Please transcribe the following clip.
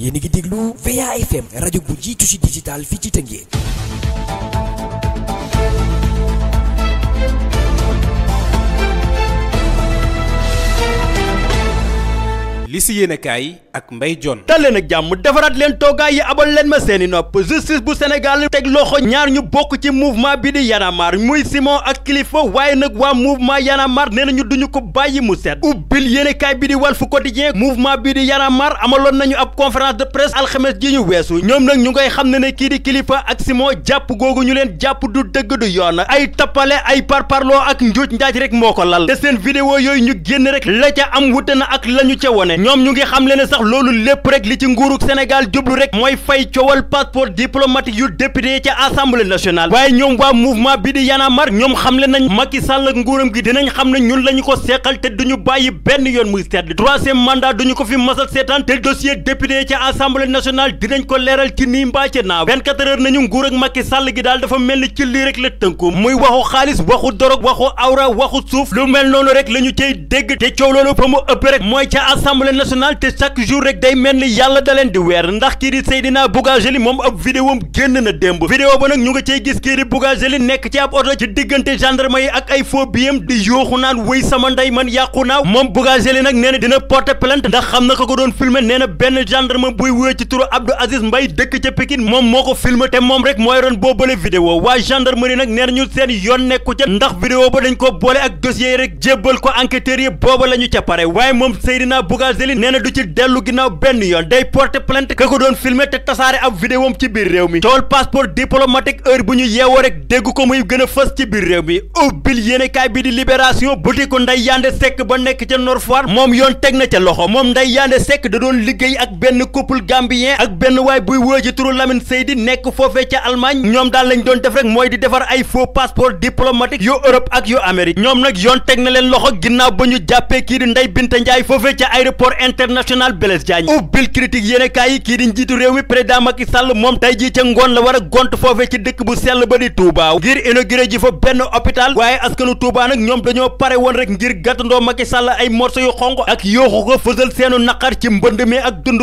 yéen a ngi déglu VA FM rajo bu jiitu ci digital fii ci Tëngéej li si yéene kaay ak Mbaye Dione dal leen ak jàmm defaraat leen toogaay yi abal leen ma seeni nopp justice bu Sénégal teg loxo ñaar ñu bokk ci mouvement bi di yanamar muy Simon ak kilifa waaye nag waa mouvement yanamar nee ñu duñu ko bàyyi mu set ubbil yéene kaay bi di Walf Quotidien mouvement bi di yanamar amaloon nañu ab conférence de presse alxames ji ñu weesu ñoom nag ñu ngay xam ne ne kii di Kilifeu ak Simon jàpp googu ñu leen jàpp du dëgg du yoon ay tappale ay parparloo ak njuuj njaaj rek moo ko lal te seen yooyu ñu génn rek la ca am wute na ak la ñu ca wone ñoom ñu ngi xam le ne sax loolu lépp rek li ci nguuruk Sénégal jublu rek mooy fay coowal passeport diplomatique yu député ca assemblée nationale waaye ñoom waa mouvement bi di yanamar ñoom xam le nañ Macky Sall ak nguuram gi dinañ xam ne ñun lañu ko seqal te duñu bàyyi benn yoon muy seetli troisième mandat duñu ko fi masal seetaan te dossier député ca assemblée nationale dinañ ko leeral ci nii mbaa ca naaw 24 heures nañu nguur ak Macky Sall gi daal dafa mel ni ci lii rek la tënku muy waxu xaalis waxu dorog waxu awra waxu suuf mel noonu rek la ñu cay te coow mooy ca assemblée nationale te chaque jour rek day mel ni yàlla da leen di weer ndax kii di Seydina Bougazeli moom ab vidéom génn na démb vidéo ba nag ñu ngi cey gis kii di Bougazeli nekk ci ab oto ci diggante gendarme ak ay faux biyam di naan wéy sama ndey man yàqu naa moom Bougazeli nag nee na dina porter plainte ndax xam na ka ko doon filmer nee na benn gendarme buy wuyoo ci turu Abdou Aziz dëkk ca Pikine moom moo ko filmer te moom rek mooy roon boobale vidéo waa gendarmerie nag nee na ñu seen yoon nekku ca ndax vidéo ba dañ ko boole ak dossier yi rek jébbal ko enquêteurs yi booba lañu ca pare waaye moom Seydina Bougazeli Angelil nee du ci dellu ginnaaw benn yoon day porter plainte kako ko doon filmer te tasaare ab vidéom ci biir réew mi tool passeport diplomatique heure bu ñu yeewoo rek dégg ko muy gën a fës ci biir réew mi ubbil yéenekaay bi di libération buti ko nday yande sekk ba nekk ca Nord Foire moom yoon teg na ca loxo moom nday yande sekk da doon liggéey ak benn couple gambien ak benn waay buy wóo ci turu Lamine Seydi nekk foofee ca Allemagne ñoom daal lañ doon def rek mooy di defar ay faux passeport diplomatique yu Europe ak yu Amérique ñoom nag yoon teg na leen loxo ginnaaw ba ñu jàppee kii di nday Binta Njaay foofee ca aéroport aéroport international Blaise Diagne ubbil critique yéen kaay yi kii di njiitu réew mi président Macky Sall moom tey jii ca ngoon la war a gont foofe ci dëkk bu sell ba di Touba ngir inauguré ji fa benn hôpital waaye askanu Touba nag ñoom dañoo pare woon rek ngir gàttandoo Macky Sall ay morso yu xonq ak yooxu ko fësal seenu naqar ci mbënd mi ak dund